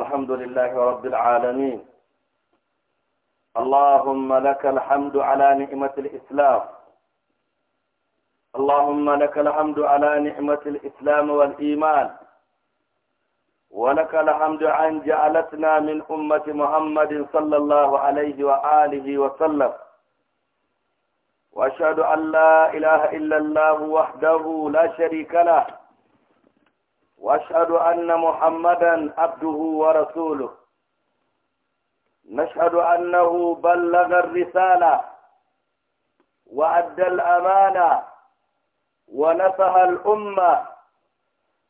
الحمد لله رب العالمين اللهم لك الحمد على نعمة الإسلام اللهم لك الحمد على نعمة الإسلام والإيمان ولك الحمد عن جعلتنا من أمة محمد صلى الله عليه وآله وسلم وأشهد أن لا إله إلا الله وحده لا شريك له واشهد ان محمدا عبده ورسوله نشهد انه بلغ الرساله وادى الامانه ونفه الامه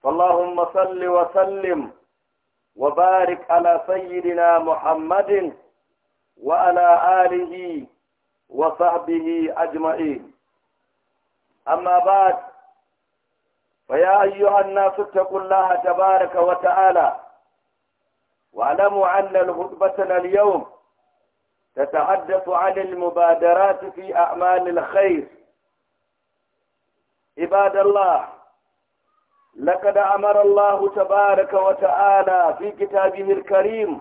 فاللهم صل وسلم وبارك على سيدنا محمد وعلى اله وصحبه اجمعين اما بعد فيا أيها الناس اتقوا الله تبارك وتعالى واعلموا أن الخطبتنا اليوم تتحدث عن المبادرات في أعمال الخير عباد الله لقد أمر الله تبارك وتعالى في كتابه الكريم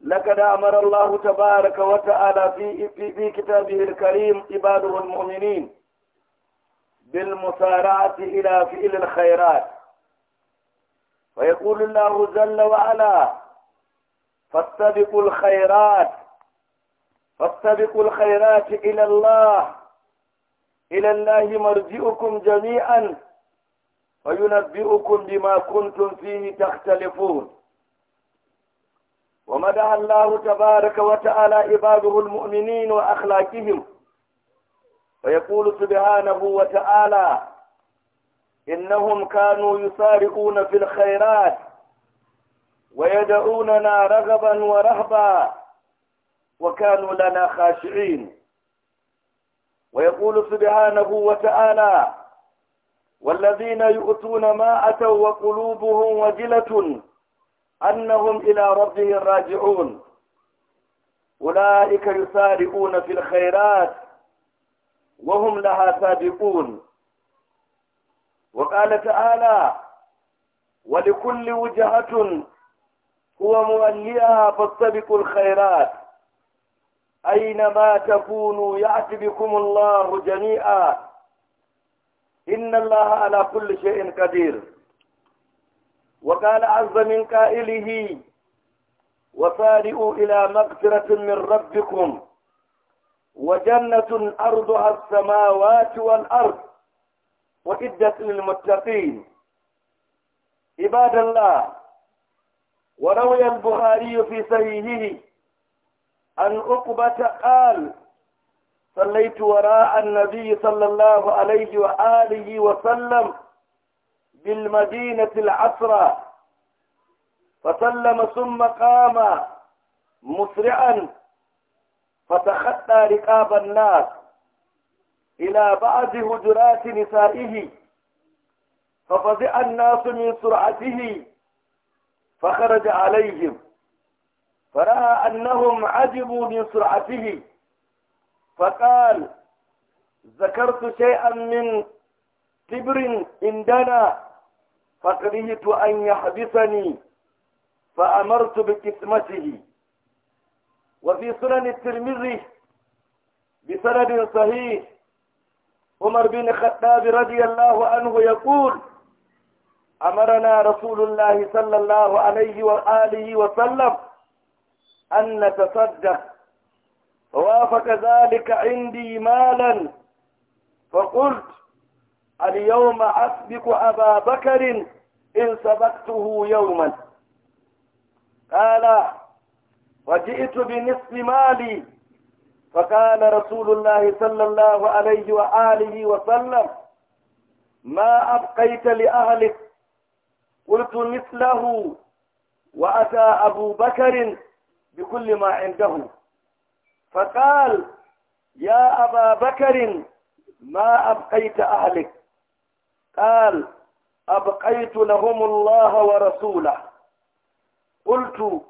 لقد أمر الله تبارك وتعالى في, في, في كتابه الكريم عباده المؤمنين بالمسارعة إلى فعل الخيرات ويقول الله جل وعلا فاستبقوا الخيرات فاستبقوا الخيرات إلى الله إلى الله مرجئكم جميعا وينبئكم بما كنتم فيه تختلفون ومدح الله تبارك وتعالى عباده المؤمنين وأخلاقهم ويقول سبحانه وتعالى إنهم كانوا يسارقون في الخيرات ويدعوننا رغبا ورهبا وكانوا لنا خاشعين ويقول سبحانه وتعالى والذين يؤتون ما أتوا وقلوبهم وجلة أنهم إلى ربهم راجعون أولئك يسارقون في الخيرات وهم لها سابقون وقال تعالى ولكل وجهة هو موليها فاستبقوا الخيرات أينما تكونوا يأتي بكم الله جميعا إن الله على كل شيء قدير وقال عز من قائله وصارئوا إلى مغفرة من ربكم وجنة أرضها السماوات والأرض وعدت للمتقين عباد الله وروي البخاري في صحيحه عن عقبة قال صليت وراء النبي صلى الله عليه وآله وسلم بالمدينة العصرة فسلم ثم قام مسرعا فتخطى رقاب الناس إلى بعض هجرات نسائه ففزع الناس من سرعته فخرج عليهم فرأى أنهم عجبوا من سرعته فقال ذكرت شيئا من كبر عندنا فكرهت أن يحبسني فأمرت بكتمته وفي سنن الترمذي بسند صحيح عمر بن الخطاب رضي الله عنه يقول أمرنا رسول الله صلى الله عليه وآله وسلم أن نتصدق فوافق ذلك عندي مالا فقلت اليوم أسبق أبا بكر إن سبقته يوما قال وجئت بنصف مالي فقال رسول الله صلى الله عليه وآله وسلم ما أبقيت لأهلك قلت مثله وأتى أبو بكر بكل ما عنده فقال يا أبا بكر ما أبقيت أهلك قال أبقيت لهم الله ورسوله قلت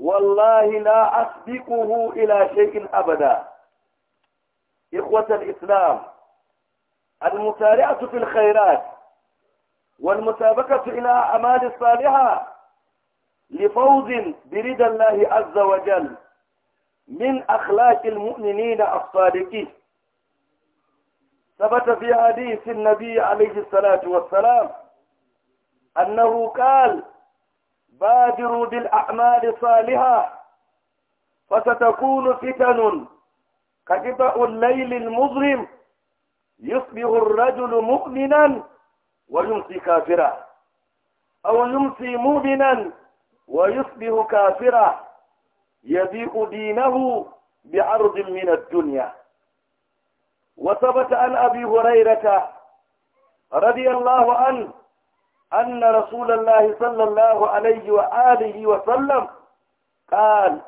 والله لا أسبقه إلى شيء أبدا إخوة الإسلام المسارعة في الخيرات والمسابقة إلى أمال الصالحة لفوز برضا الله عز وجل من أخلاق المؤمنين الصادقين ثبت في حديث النبي عليه الصلاة والسلام أنه قال بادروا بالأعمال الصالحة فستكون فتن كجبأ الليل المظلم يصبح الرجل مؤمنا ويمسي كافرا أو يمسي مؤمنا ويصبح كافرا يبيع دينه بعرض من الدنيا وثبت عن أبي هريرة رضي الله عنه أن رسول الله صلى الله عليه وآله وسلم قال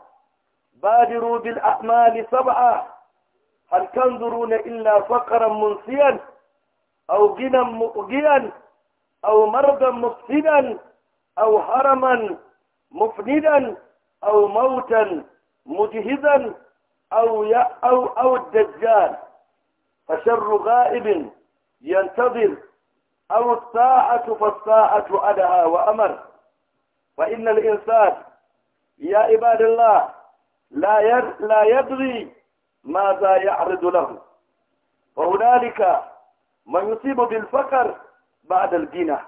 بادروا بالأعمال سبعة هل تنظرون إلا فقرا منسيا أو غنى مؤجيا أو مرضا مفسدا أو هرما مفندا أو موتا مجهزا أو يا أو أو الدجال فشر غائب ينتظر أو الساعة فالساعة أدعى وأمر وإن الإنسان يا عباد الله لا لا يدري ماذا يعرض له وهنالك من يصيب بالفقر بعد الغنى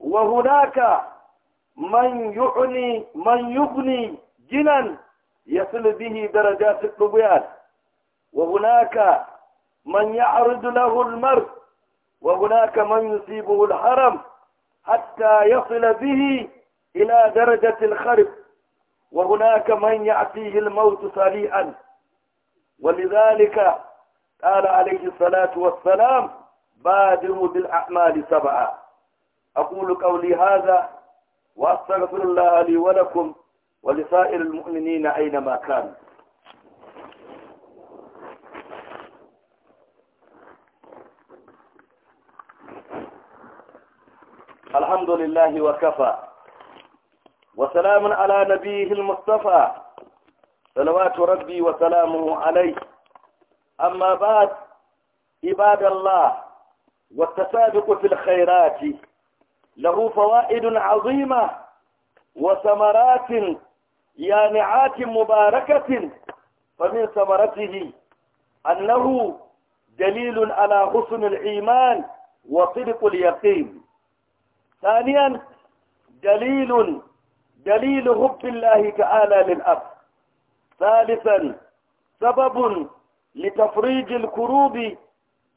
وهناك من يعني من يغني جنا يصل به درجات الطغيان وهناك من يعرض له المرض وهناك من يصيبه الحرم حتى يصل به إلى درجة الخرب وهناك من يعطيه الموت سريعا ولذلك قال عليه الصلاة والسلام بادروا بالأعمال سبعا أقول قولي هذا وأستغفر الله لي ولكم ولسائر المؤمنين أينما كانوا الحمد لله وكفى وسلام على نبيه المصطفى صلوات ربي وسلامه عليه أما بعد عباد الله والتسابق في الخيرات له فوائد عظيمة وثمرات يانعات مباركة فمن ثمرته أنه دليل على حسن الإيمان وصدق اليقين ثانيا دليل دليل حب الله تعالى للأب ثالثا سبب لتفريج الكروب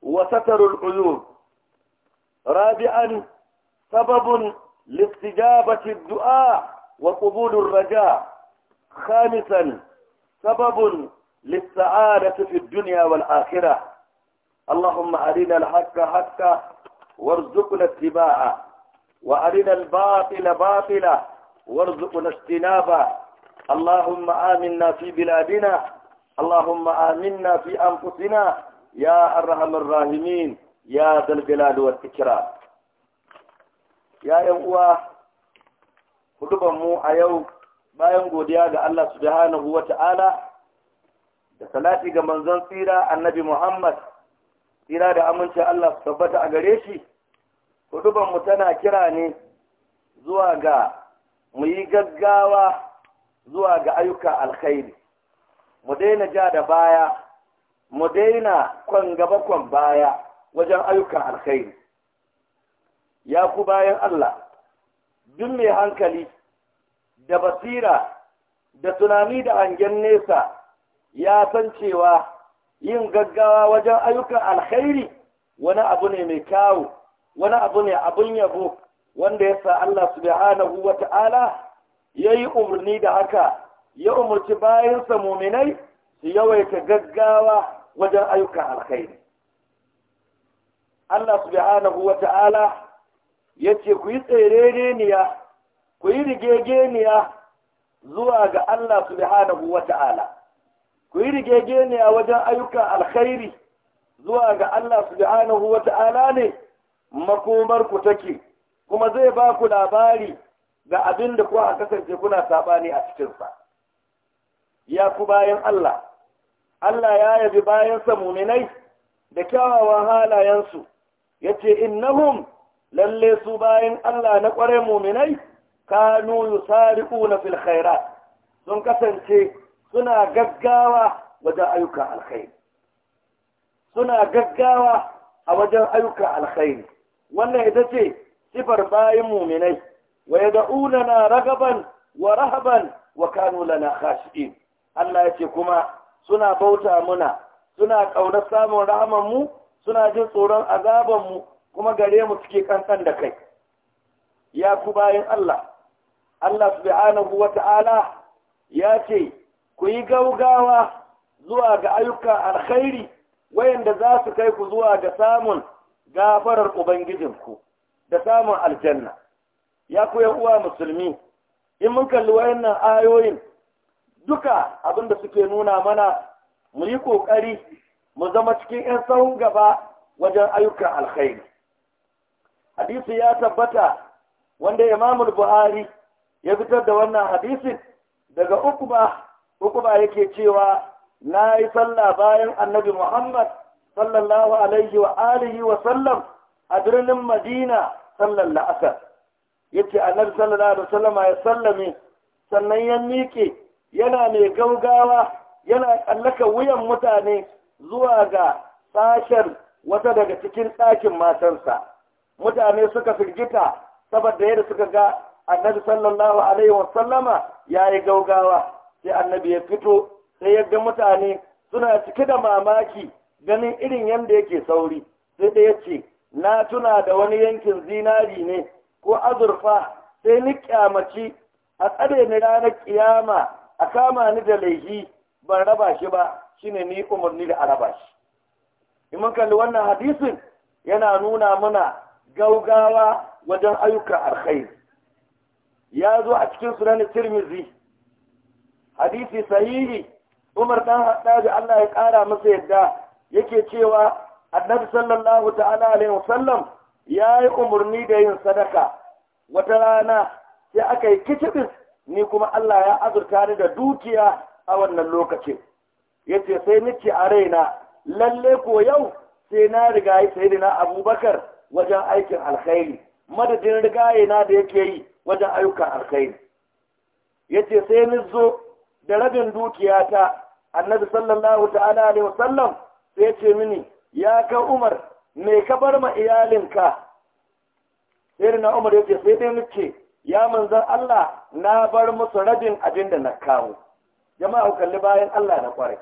وستر العيوب رابعا سبب لاستجابة الدعاء وقبول الرجاء خامسا سبب للسعادة في الدنيا والآخرة اللهم أرنا الحق حقا وارزقنا اتباعه وأرنا الباطل باطلا وارزقنا اجتنابه اللهم آمنا في بلادنا اللهم آمنا في أنفسنا يا أرحم الراحمين يا ذا الجلال والإكرام يا يوم mu a yau bayan godiya ga Allah subhanahu wa ta'ala da salati ga manzon tsira annabi Muhammad tsira da amince Allah su tabbata a gare shi hudubanmu tana kira ne zuwa ga mu yi gaggawa zuwa ga ayyuka alkhairi mu daina ja da baya mu daina kwan gaba kwan baya wajen ayyukan alkhairi ya ku bayan Allah duk mai hankali da basira da tunani da hangen nesa ya san cewa yin gaggawa wajen ayyukan alkhairi wani abu ne mai kyawu wani abu ne abin yabo wanda ya sa Allah subhanahu wa ta'ala ya yi umarni da haka ya umarci bayansa muminai su yawaita gaggawa wajen ayyukan alkhairi Allah subhanahu wa ta'ala ya ce ku yi niya ku yi rigegeniya zuwa ga Allah subhanahu wa ta'ala ku yi rigegeniya wajen ayyukan alkhairi zuwa ga Allah subhanahu wa ta'ala ne makomar ku take kuma zai ba ku labari ga abin da kuwa a kasance kuna saɓani a cikinsa ya ku bayan Allah Allah ya yabi bayansa muminai da kyawawan halayensu ya ce innahum lalle su bayan Allah na ƙware muminai kanu yusari'u na filkhaira, sun kasance suna gaggawa wajen ayyuka alkhairi suna gaggawa a wajen ayyuka alkhairi wannan ita ce sifar bayan muminai wa na ragaban wa rahaban wa kanu lana khashi'in Allah ya ce kuma suna bauta muna suna ƙaunar samun rahaman mu suna jin tsoron azaban mu kuma gare mu suke kankan da kai ya ku bayan Allah Allah subhanahu wa ta'ala ya ce ku yi gaugawa zuwa ga ayyuka alkhairi wayanda za su kai ku zuwa ga samun gafarar ubangijinku da samun aljanna ya ku uwa musulmi in mun kalli wayannan ayoyin duka abin da suke nuna mana mu yi ƙoƙari mu zama cikin 'yan sahun gaba wajen ayyukan alkhairi hadisi ya tabbata wanda imamul buhari ya fitar da wannan hadisin daga ukuba ukuba yake cewa na yi sallah bayan annabi muhammad sallallahu alaihi wa alihi wa sallam a birnin madina sallan la'asar Yace a annabi sallallahu alaihi sallama ya sallame sannan ya miƙe yana mai gaugawa yana tsallaka wuyan mutane zuwa ga sashen wata daga cikin ɗakin matansa mutane suka firgita saboda yadda suka ga annabi sallallahu alaihi wa sallama ya yi gaugawa sai annabi ya fito sai ya ga mutane suna cike da mamaki ganin irin yadda yake sauri sai ɗaya ce na tuna da wani yankin zinari ne ko azurfa sai ni kyamaci a tsare ni ranar kiyama a kama ni da laihi ban raba shi ba shine ni umarni da a raba shi in kalli wannan hadisin yana nuna mana gaugawa wajen ayyukan alkhairi ya zo a cikin sunan tirmizi hadisi sahihi umar dan hadda Allah ya kara masa yadda yake cewa annabi sallallahu ta'ala alaihi wasallam ya yi umarni da yin sadaka wata rana sai aka yi kicibis ni kuma Allah ya azurta ni da dukiya a wannan lokacin yace sai nake a raina lalle ko yau sai na riga yi na Abubakar wajen aikin alkhairi madadin riga na da yake yi wajen ayyukan alkhairi yace sai ni zo da rabin ta annabi sallallahu ta'ala alaihi wasallam sai ce mini ya ka umar me ka bar ma iyalinka sai na umar ya ce sai dai muke. ya manzan Allah na bar musu rabin abin da na kawo jama'a ku kalli bayan Allah na kwarai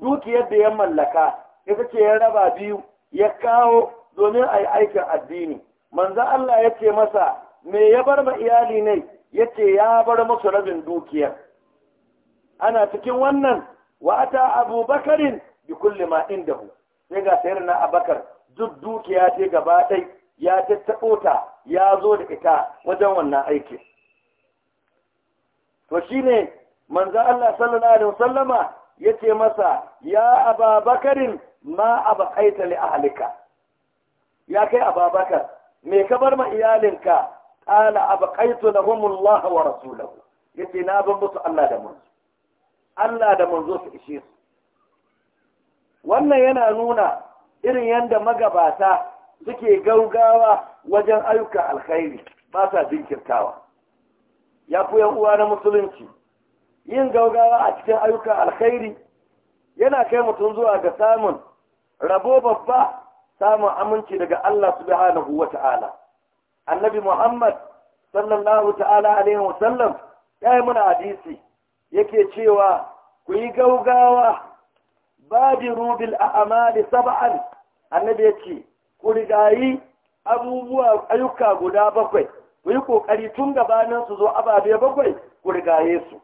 dukiyar da ya mallaka ya ce ya raba biyu ya kawo domin a yi aikin addini manzan Allah ya ce masa me ya bar ma iyali ne ya ce ya bar musu rabin dukiyar ana cikin wannan wa ata abubakarin bi kulli ma indahu sai ga sayyidina abakar duk dukiya ce gaba dai ya tattaɓo ta ya zo da ita wajen wannan aiki to shine manzo Allah sallallahu alaihi wasallama yace masa ya ababakarin ma abaqaita li ahlika ya kai ababakar me ka bar ma iyalinka qala lahum Allah wa Rasuluhu? yace na ban musu Allah da manzo Allah da manzo su ishe su wannan yana nuna irin yadda magabata suke gaugawa wajen ayyuka alkhairi ba sa jinkirtawa ya fi uwa na musulunci yin gaugawa a cikin ayyukan alkhairi yana kai mutum zuwa ga samun rabo babba samun aminci daga Allah subhanahu wa ta'ala annabi Muhammad sallallahu ta'ala alaihi wasallam ya yi muna hadisi yake cewa ku yi gaugawa badiru a a'mali sab'an annabi yace ku rigayi abubuwa ayyuka guda bakwai ku yi kokari tun gabanin su zo ababe bakwai ku rigaye su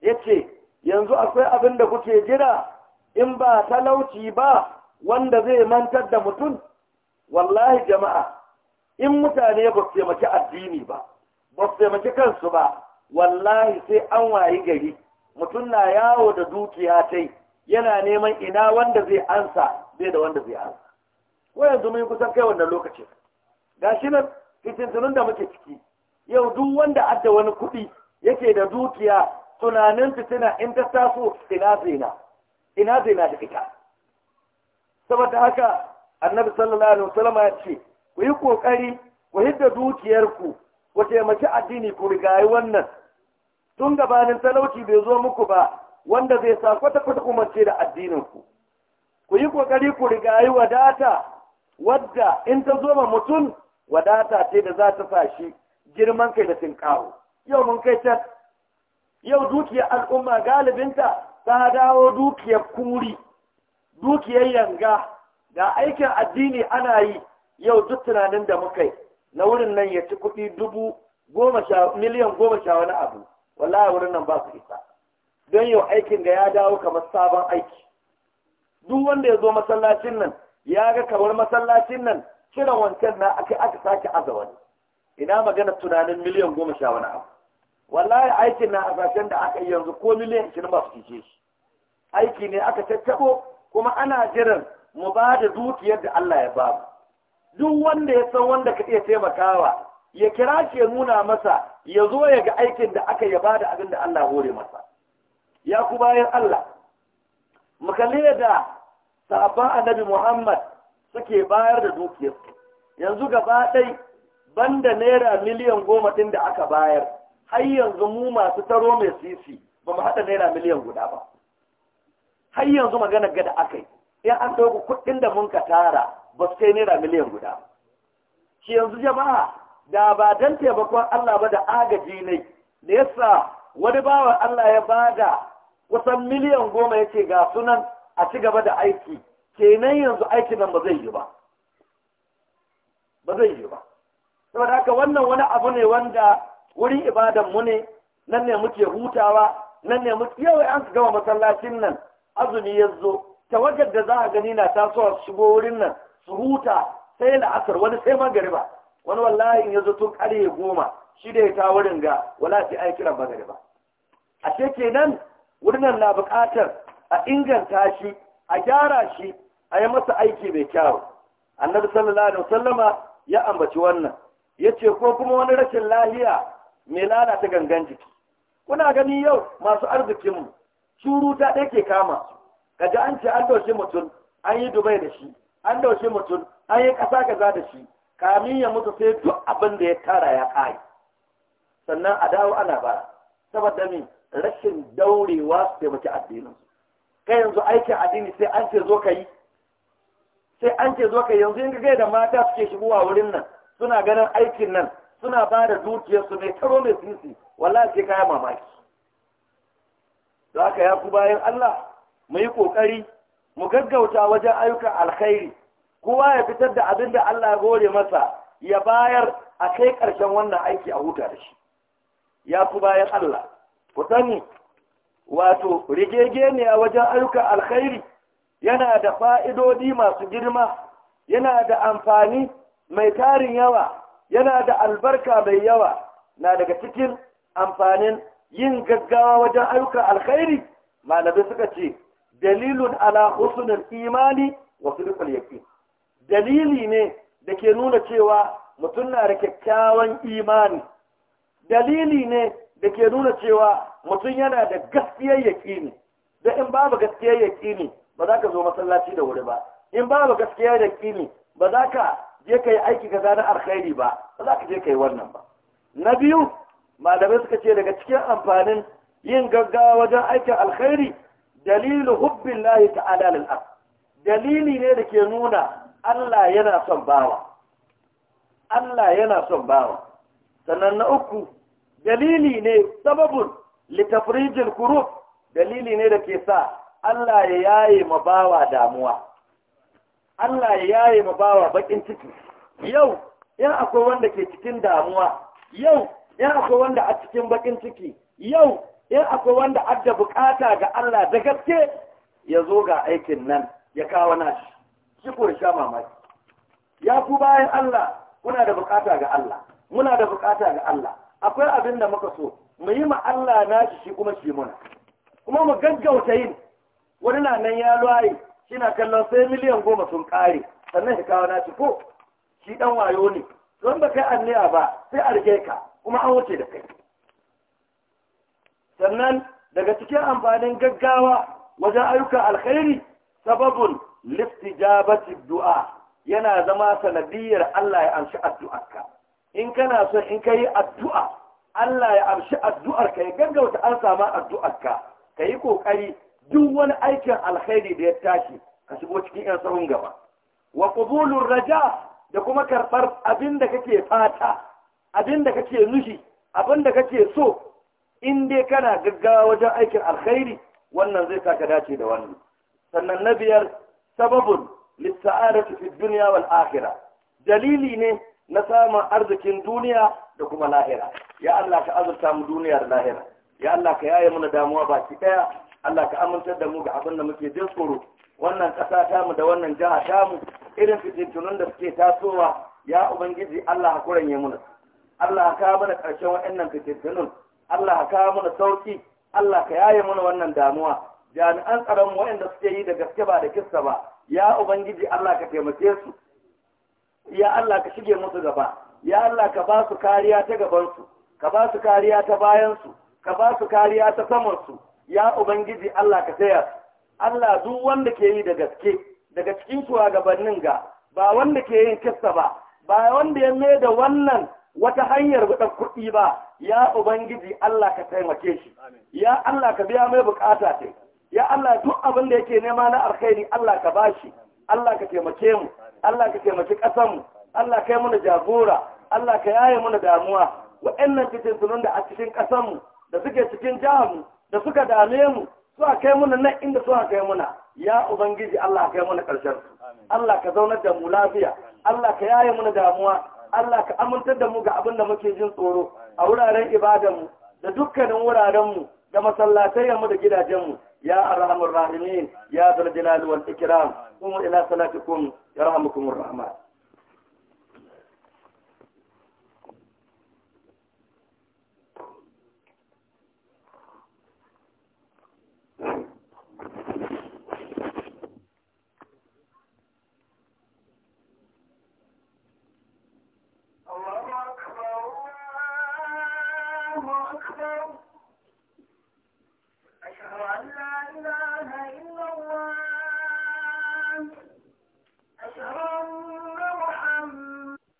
yace yanzu akwai abin da kuke jira in ba talauci ba wanda zai mantar da mutum wallahi jama'a in mutane ba su taimaki addini ba ba su taimaki kansu ba wallahi sai an wayi gari mutum na yawo da dukiya ta yi. yana neman ina wanda zai ansa zai da wanda zai ansa ko yanzu mun kusan kai wannan lokacin na nan fitintunun da muke ciki yau duk wanda adda wani kuɗi yake da dukiya tunanin fitina in ta taso ina zaina ina zina da ita saboda haka annabi sallallahu alaihi wasallam ya ce ku yi kokari ku hidda dukiyarku ku taimaki addini ku rigayi wannan tun gabanin talauci bai zo muku ba wanda zai sa kwata-kwata ce da addininku ku yi kokari ku riga yi wadata wadda in ta zo ma mutum wadata ce da za ta sa shi girman kai da kawo yau mun kai can yau dukiyar al'umma galibinta ta dawo dukiyar kuri dukiyar yanga da aikin addini ana yi yau duk tunanin da muka yi na wurin nan ya ci kuɗi dubu goma miliyan goma sha wani abu wallahi wurin nan ba su isa don yau aikin da ya dawo kamar sabon aiki duk wanda ya zo masallacin nan ya ga kamar masallacin nan kiran wancan na aka aka sake aza wani ina magana tunanin miliyan goma sha wani abu wallahi aikin na asashen da aka yi yanzu ko miliyan ishirin ba su shi aiki ne aka tattabo kuma ana jiran mu ba da dukiyar da Allah ya ba duk wanda ya san wanda ka iya taimakawa ya kira shi ya nuna masa ya zo ya ga aikin da aka ya ba da abin da Allah hore masa ya ku bayan Allah mu da sahabban annabi Muhammad suke bayar da dukiyar yanzu gaba ɗai banda naira miliyan goma ɗin da aka bayar har yanzu mu masu taro mai sisi ba mu haɗa naira miliyan guda ba har yanzu magana gada aka yi in an ɗauki kuɗin da mun ka tara ba su kai naira miliyan guda shi yanzu jama'a da ba don taimakon Allah ba da agaji ne da yasa wani bawan Allah ya bada kusan miliyan goma ya ga sunan a ci gaba da aiki kenan yanzu aikin nan ba zai yi ba ba zai yi ba saboda haka wannan wani abu ne wanda wuri ibadan mu ne nan ne muke hutawa nan ne muke yau an gama masallacin nan azumi ya zo tawagar da za a gani na tasowa su shigo wurin nan su huta sai la'asar wani sai magariba wani wallahi in ya tun karye goma shi da ya ta wurin ga wala sai ai magariba a ce kenan wurnan na buƙatar a inganta shi a gyara shi a yi masa aiki mai kyau annabi sallallahu alaihi wasallama ya ambaci wannan yace ko kuma wani rashin lahiya mai lalata gangan jiki kuna gani yau masu arzikinmu shuru ta ɗaya ke kama kaji an ce an daushe mutum an yi dubai da shi an daushe mutum an yi kasa kaza da shi kamin ya mutu sai duk abin da ya tara ya kai sannan a dawo ana bara saboda me rashin daurewa su taimaki addinin kai yanzu aikin addini sai an ce zo ka yi sai an ce zo ka yanzu in ga da mata suke shigowa wurin nan suna ganin aikin nan suna ba da dukiyarsu mai taro mai sisi wallahi sai kaya mamaki da haka ya ku bayan Allah mu yi kokari mu gaggauta wajen ayyukan alkhairi kowa ya fitar da abin da Allah ya gore masa ya bayar a kai ƙarshen wannan aiki a huta da shi ya ku bayan Allah ku sani wato Rigege ne a wajen ayyukan alkhairi yana da fa'idodi masu girma yana da amfani mai tarin yawa yana da albarka mai yawa na daga cikin amfanin yin gaggawa wajen ayyukan alkhairi malabi suka ce dalilun ala husnul imani wa sulhul yaqin dalili ne da ke nuna cewa mutum na da kyakkyawan imani dalili ne da ke nuna cewa mutum yana da gaskiyar ne da in babu gaskiyar ne ba za ka zo masallaci da wuri ba in babu gaskiyar ne ba za ka je ka yi aiki ka na alkhairi ba ba za ka je ka yi wannan ba na biyu malamai suka ce daga cikin amfanin yin gaggawa wajen aikin alkhairi dalilu hubbin lahi ta'ala lil dalili ne da ke nuna Allah yana son bawa Allah yana son bawa sannan na uku dalili ne sababin litafrijil kurub dalili ne da ke sa Allah ya yaye ma damuwa Allah ya yaye ma bakin ciki yau in akwai wanda ke cikin damuwa yau in akwai wanda a cikin bakin ciki yau in akwai wanda adda bukata ga Allah da gaske ya zo ga aikin nan ya kawo nashi shi ko sha mamaki ya ku bayan Allah kuna da bukata ga Allah muna da bukata ga Allah akwai abin da muka so mu yi ma Allah na shi shi kuma shi muna kuma mu gaggauta yin wani na nan ya luwaye shi na kallon sai miliyan goma sun kare sannan shi kawo na shi ko shi dan wayo ne don ba kai anniya ba sai arge ka kuma an wuce da kai sannan daga cikin amfanin gaggawa wajen ayyukan alkhairi sababun liftijabati du'a yana zama sanadiyar Allah ya amshi addu'arka in kana so in ka yi addu'a Allah ya amshi addu'ar ka ya gaggauta an samu addu'ar ka ka yi ƙoƙari duk wani aikin alkhairi da ya tashi ka shigo cikin yan sahun gaba wa qubulur raja da kuma karɓar abin da kake fata abin da kake nushi abin da kake so in dai kana gaggawa wajen aikin alkhairi wannan zai saka dace da wannan sannan na biyar sababun lissa'adatu fi duniya wal akhirah dalili ne na samun arzikin duniya da kuma lahira ya Allah ka azurta mu duniya da lahira ya Allah ka yaye mana damuwa baki daya Allah ka amintar da mu ga abin da muke jin tsoro wannan ƙasa ta mu da wannan jiha ta mu irin fitintunun da suke tasowa ya ubangiji Allah hakuran ya muna Allah ka mana ƙarshen waɗannan fitintunun Allah ka mana sauki Allah ka yaye mana wannan damuwa jami'an tsaron waɗanda suke yi da gaske ba da kissa ba ya ubangiji Allah ka taimake su ya Allah ka shige musu gaba ya Allah ka ba su kariya ta gabansu ka ba su kariya ta bayansu ka ba su kariya ta saman su ya ubangiji Allah ka tsaya Allah duk wanda ke yi da gaske daga cikin gabanin ga ba wanda ke yin kissa ba ba wanda ya mai da wannan wata hanyar buɗa kuɗi ba ya ubangiji Allah ka taimake shi ya Allah ka biya mai bukata ta ya Allah duk abin da yake nema na alkhairi Allah ka bashi Allah ka taimake mu Allah ka taimake ƙasanmu. Allah ka kai mana jagora Allah ka yaye mana damuwa waɗannan fitintunun da a cikin ƙasanmu da suke cikin jihar da suka dame mu su a kai muna nan inda su a kai muna ya ubangiji Allah yi muna ƙarshen Allah ka zaunar da mu lafiya Allah ka yaye muna damuwa Allah ka amintar da mu ga abin da muke jin tsoro a wuraren ibadanmu, da dukkanin wurarenmu da masallatai mu da gidajenmu. mu ya arhamur rahimin ya zal wal ikram قوموا إلى صلاتكم يرحمكم الرحمن